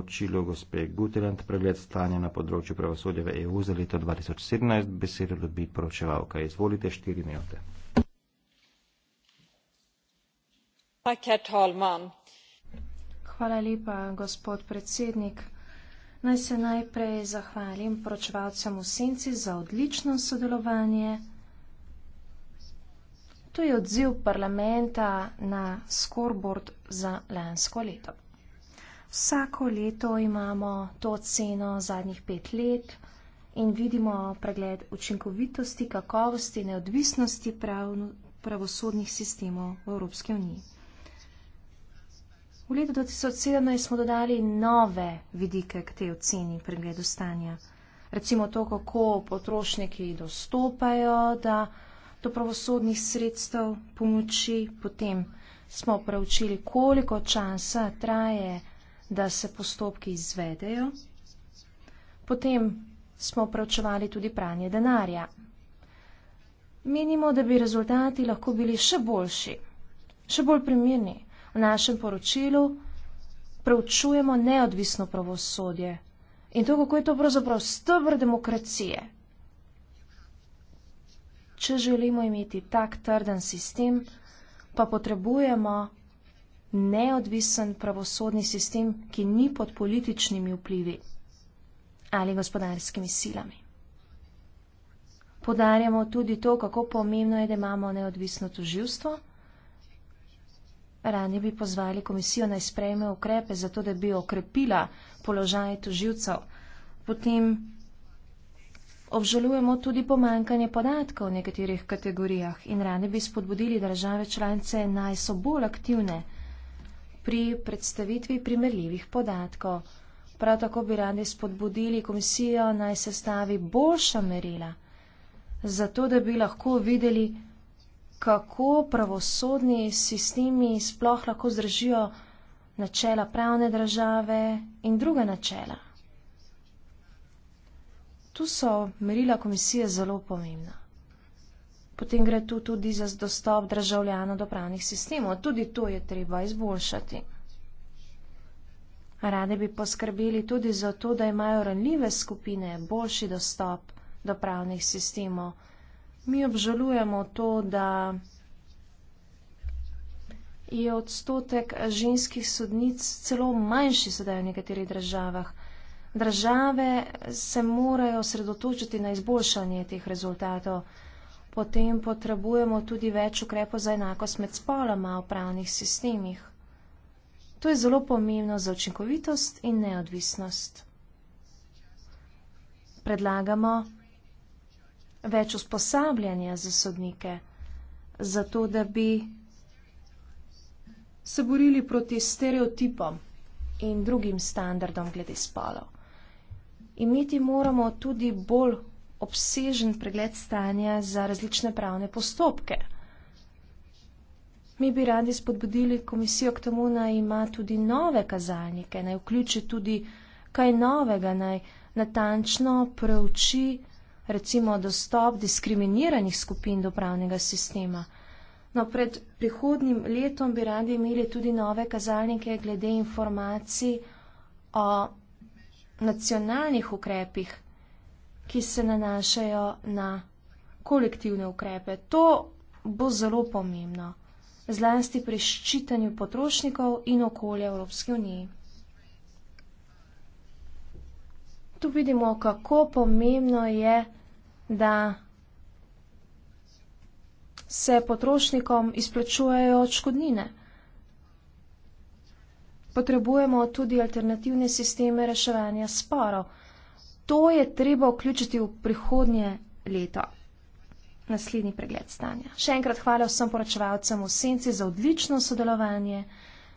poročilu gospe Guterand pregled stanja na področju pravosodja v EU za leto 2017. Besedo dobi poročevalka. Izvolite, štiri minute. Hvala lepa, gospod predsednik. Naj se najprej zahvalim poročevalcem v senci za odlično sodelovanje. To je odziv parlamenta na scoreboard za lansko leto. Vsako leto imamo to ceno zadnjih pet let in vidimo pregled učinkovitosti, kakovosti, neodvisnosti prav, pravosodnih sistemov v Evropski uniji. V letu 2017 smo dodali nove vidike k tej oceni pregledu stanja. Recimo to, kako potrošniki dostopajo da do pravosodnih sredstev pomoči, potem smo preučili, koliko časa traje da se postopki izvedejo. Potem smo pravčevali tudi pranje denarja. Menimo, da bi rezultati lahko bili še boljši, še bolj primirni. V našem poročilu pravčujemo neodvisno pravosodje in to, kako je to pravzaprav stebr demokracije. Če želimo imeti tak trden sistem, pa potrebujemo neodvisen pravosodni sistem, ki ni pod političnimi vplivi ali gospodarskimi silami. Podarjamo tudi to, kako pomembno je, da imamo neodvisno toživstvo. Rani bi pozvali komisijo naj sprejme ukrepe, zato da bi okrepila položaj toživcev. Potem obžalujemo tudi pomankanje podatkov v nekaterih kategorijah in rani bi spodbudili države članice naj so bolj aktivne pri predstavitvi primerljivih podatkov. Prav tako bi radi spodbudili komisijo naj sestavi boljša merila, zato da bi lahko videli, kako pravosodni sistemi sploh lahko zdržijo načela pravne države in druga načela. Tu so merila komisije zelo pomembna potem gre tu tudi za dostop državljana do pravnih sistemov. Tudi to je treba izboljšati. Rade bi poskrbeli tudi za to, da imajo ranljive skupine boljši dostop do pravnih sistemov. Mi obžalujemo to, da je odstotek ženskih sodnic celo manjši sedaj v nekaterih državah. Države se morajo sredotočiti na izboljšanje teh rezultatov. Potem potrebujemo tudi več ukrepov za enakost med spoloma v pravnih sistemih. To je zelo pomembno za učinkovitost in neodvisnost. Predlagamo več usposabljanja za sodnike, zato da bi se borili proti stereotipom in drugim standardom glede spolov. Imeti moramo tudi bolj obsežen pregled stanja za različne pravne postopke. Mi bi radi spodbudili komisijo k temu, da ima tudi nove kazalnike, naj vključi tudi kaj novega, naj natančno preuči recimo dostop diskriminiranih skupin do pravnega sistema. No, pred prihodnim letom bi radi imeli tudi nove kazalnike glede informacij o nacionalnih ukrepih ki se nanašajo na kolektivne ukrepe. To bo zelo pomembno, zlasti pri ščitanju potrošnikov in okolja Evropske unije. Tu vidimo, kako pomembno je, da se potrošnikom izplačujejo škodnine. Potrebujemo tudi alternativne sisteme reševanja sporov. To je treba vključiti v prihodnje leto. Naslednji pregled stanja. Še enkrat hvala vsem poročevalcem v Senci za odlično sodelovanje.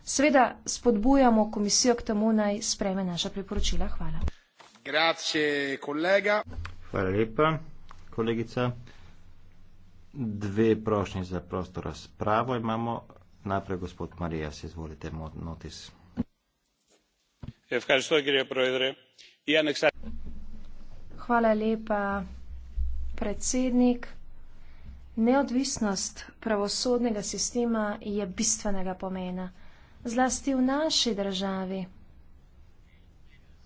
Sveda spodbujamo komisijo k temu, naj spreme naša priporočila. Hvala. Grazie, kolega. Hvala lepa, kolegica. Dve prošnje za prosto razpravo imamo. Naprej gospod Marijas, izvolite, notis. Ja, Hvala lepa, predsednik. Neodvisnost pravosodnega sistema je bistvenega pomena, zlasti v naši državi.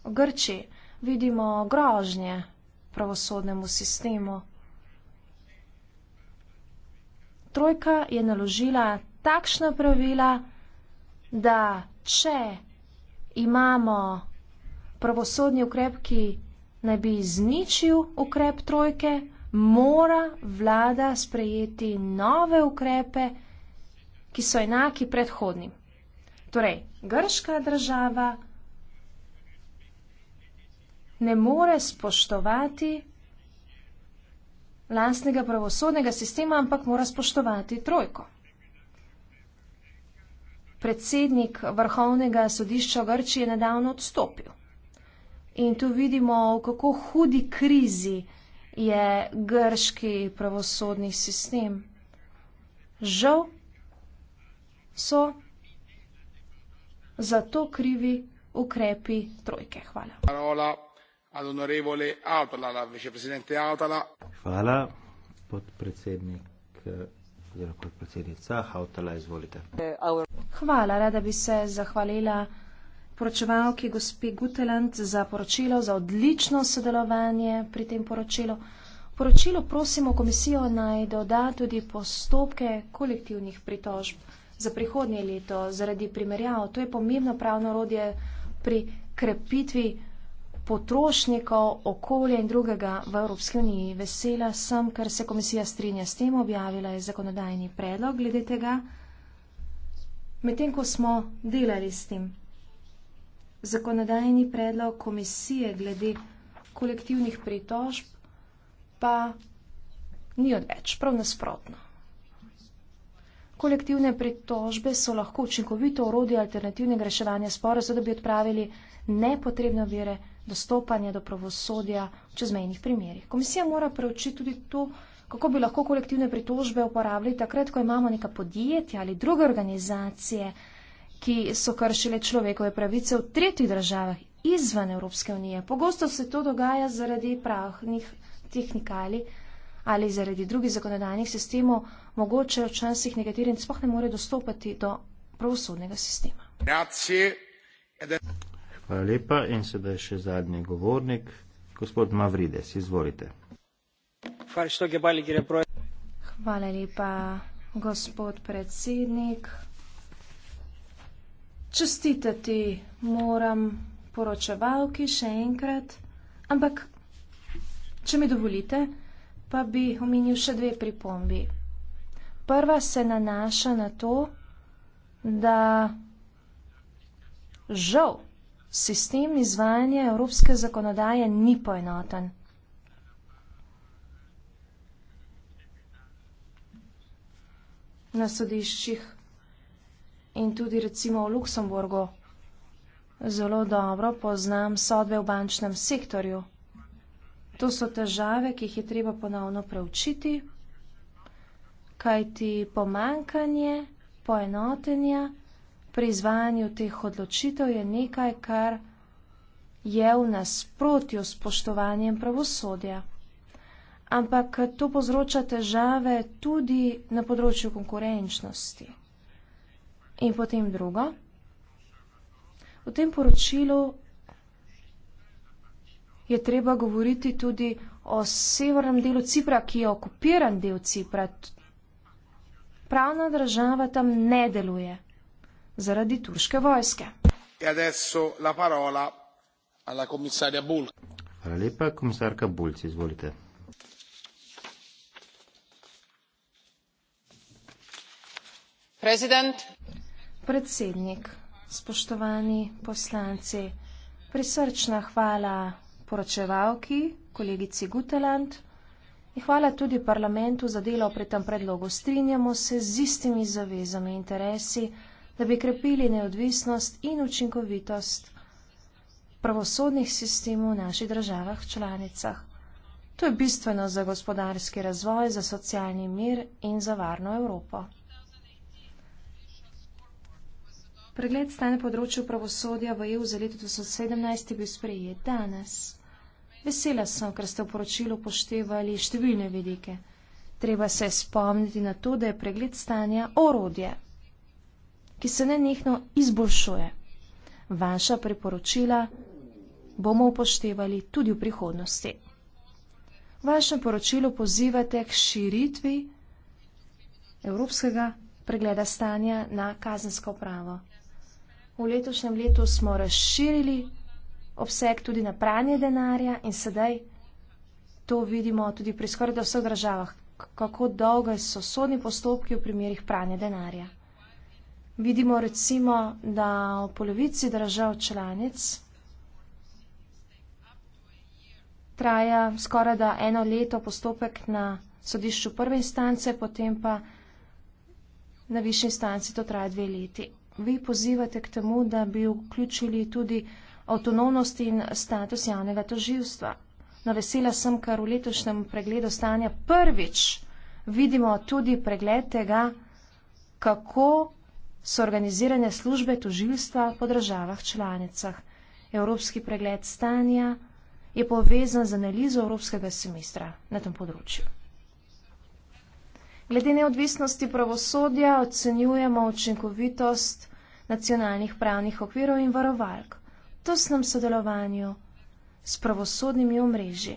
V Grči vidimo grožnje pravosodnemu sistemu. Trojka je naložila takšna pravila, da če imamo pravosodni ukrep, ki naj bi izničil ukrep trojke, mora vlada sprejeti nove ukrepe, ki so enaki predhodnim. Torej, grška država ne more spoštovati lastnega pravosodnega sistema, ampak mora spoštovati trojko. Predsednik vrhovnega sodišča v Grčiji je nedavno odstopil. In tu vidimo, v kako hudi krizi je grški pravosodni sistem. Žal so za to krivi ukrepi trojke. Hvala. Hvala, podpredsednik oziroma podpredsednica Hautala, izvolite. Hvala, rada bi se zahvalila poročevalki gospe Guteland za poročilo, za odlično sodelovanje pri tem poročilu. Poročilo prosimo komisijo naj doda tudi postopke kolektivnih pritožb za prihodnje leto zaradi primerjav. To je pomembno pravno rodje pri krepitvi potrošnikov, okolja in drugega v Evropski uniji. Vesela sem, ker se komisija strinja s tem, objavila je zakonodajni predlog glede tega, medtem ko smo delali s tem zakonodajni predlog komisije glede kolektivnih pritožb pa ni odveč, prav nasprotno. Kolektivne pritožbe so lahko učinkovito urodje alternativnega reševanja spora, zato bi odpravili nepotrebne vire dostopanja do pravosodja v čezmejnih primerjih. Komisija mora preučiti tudi to, kako bi lahko kolektivne pritožbe uporabljali takrat, ko imamo neka podjetja ali druge organizacije, ki so kršile človekove pravice v tretjih državah izven Evropske unije. Pogosto se to dogaja zaradi pravnih tehnikali ali zaradi drugih zakonodajnih sistemov, mogoče včasih nekaterim sploh ne more dostopati do pravosodnega sistema. Hvala lepa in sedaj še zadnji govornik, gospod Mavrides, izvolite. Hvala lepa, gospod predsednik. Čestitati moram poročevalki še enkrat, ampak če mi dovolite, pa bi omenil še dve pripombi. Prva se nanaša na to, da žal sistem izvajanja evropske zakonodaje ni poenoten. Na sodiščih in tudi recimo v Luksemburgu. Zelo dobro poznam sodbe v bančnem sektorju. To so težave, ki jih je treba ponovno preučiti, kajti pomankanje poenotenja pri izvajanju teh odločitev je nekaj, kar je v nasprotju s poštovanjem pravosodja. Ampak to povzroča težave tudi na področju konkurenčnosti. In potem drugo. V tem poročilu je treba govoriti tudi o severnem delu Cipra, ki je okupiran del Cipra. Pravna država tam ne deluje zaradi turške vojske. E Hvala lepa, komisarka Bulc, izvolite. President predsednik, spoštovani poslanci, prisrčna hvala poročevalki, kolegici Guteland. In hvala tudi parlamentu za delo pri tem predlogu. Strinjamo se z istimi zavezami in interesi, da bi krepili neodvisnost in učinkovitost pravosodnih sistemov v naših državah članicah. To je bistveno za gospodarski razvoj, za socialni mir in za varno Evropo. Pregled staj na področju pravosodja v EU za leto 2017 je bil sprejet danes. Vesela sem, ker ste v poročilu poštevali številne vedike. Treba se spomniti na to, da je pregled stanja orodje, ki se nenehno izboljšuje. Vaša priporočila bomo upoštevali tudi v prihodnosti. Vaše poročilo pozivate k širitvi Evropskega pregleda stanja na kazensko pravo. V letošnjem letu smo razširili obseg tudi na pranje denarja in sedaj to vidimo tudi pri skoraj da vseh državah, kako dolge so sodni postopki v primerih pranja denarja. Vidimo recimo, da v polovici držav članic traja skoraj da eno leto postopek na sodišču prve instance, potem pa na višji instanci to traja dve leti vi pozivate k temu, da bi vključili tudi avtonomnost in status javnega toživstva. Na vesela sem, kar v letošnjem pregledu stanja prvič vidimo tudi pregled tega, kako so organizirane službe toživstva po državah članicah. Evropski pregled stanja je povezan z analizo evropskega semestra na tem področju. Glede neodvisnosti pravosodja ocenjujemo učinkovitost nacionalnih pravnih okvirov in varovalk v tesnem sodelovanju s pravosodnimi omrežji.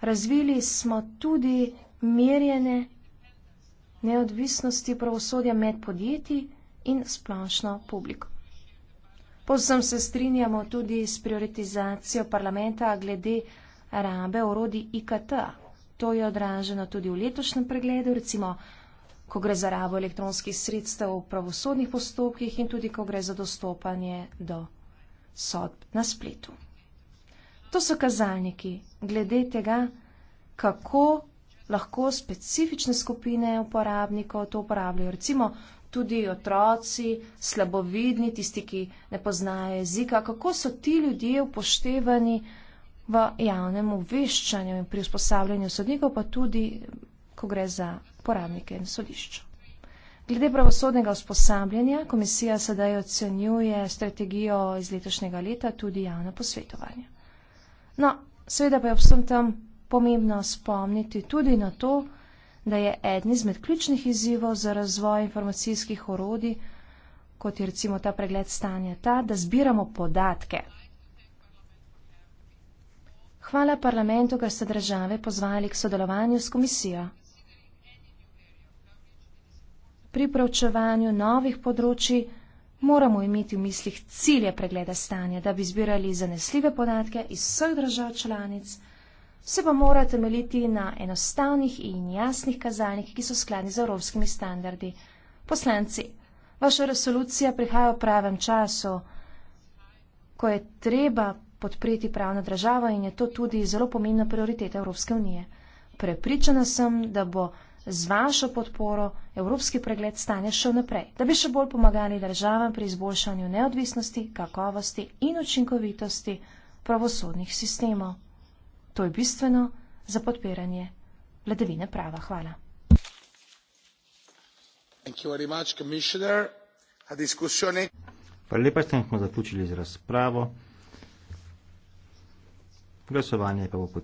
Razvili smo tudi merjene neodvisnosti pravosodja med podjetji in splošno publiko. Povsem se strinjamo tudi s prioritizacijo parlamenta glede rabe orodi IKT. -a to je odraženo tudi v letošnjem pregledu, recimo, ko gre za rabo elektronskih sredstev v pravosodnih postopkih in tudi, ko gre za dostopanje do sodb na spletu. To so kazalniki glede tega, kako lahko specifične skupine uporabnikov to uporabljajo. Recimo tudi otroci, slabovidni, tisti, ki ne poznajo jezika, kako so ti ljudje upoštevani v javnem obveščanju in pri usposabljanju sodnikov, pa tudi, ko gre za porabnike in sodišča. Glede pravosodnega usposabljanja, komisija sedaj ocenjuje strategijo iz letošnjega leta tudi javno posvetovanje. No, seveda pa je ob vsem tem pomembno spomniti tudi na to, da je eden izmed ključnih izzivov za razvoj informacijskih orodij, kot je recimo ta pregled stanja, ta, da zbiramo podatke, Hvala parlamentu, ker ste države pozvali k sodelovanju s komisijo. Pri pravčevanju novih področji moramo imeti v mislih cilje pregleda stanja, da bi zbirali zanesljive podatke iz vseh držav članic, se pa mora temeljiti na enostavnih in jasnih kazalnikih, ki so skladni z evropskimi standardi. Poslanci, vaša resolucija prihaja v pravem času, ko je treba podpreti pravna država in je to tudi zelo pomembna prioriteta Evropske unije. Prepričana sem, da bo z vašo podporo evropski pregled stane še naprej, da bi še bolj pomagali državam pri izboljšanju neodvisnosti, kakovosti in učinkovitosti pravosodnih sistemov. To je bistveno za podpiranje vladavine prava. Hvala. Hvala lepa, s tem smo zaključili z razpravo glasovanje pa bo potekalo.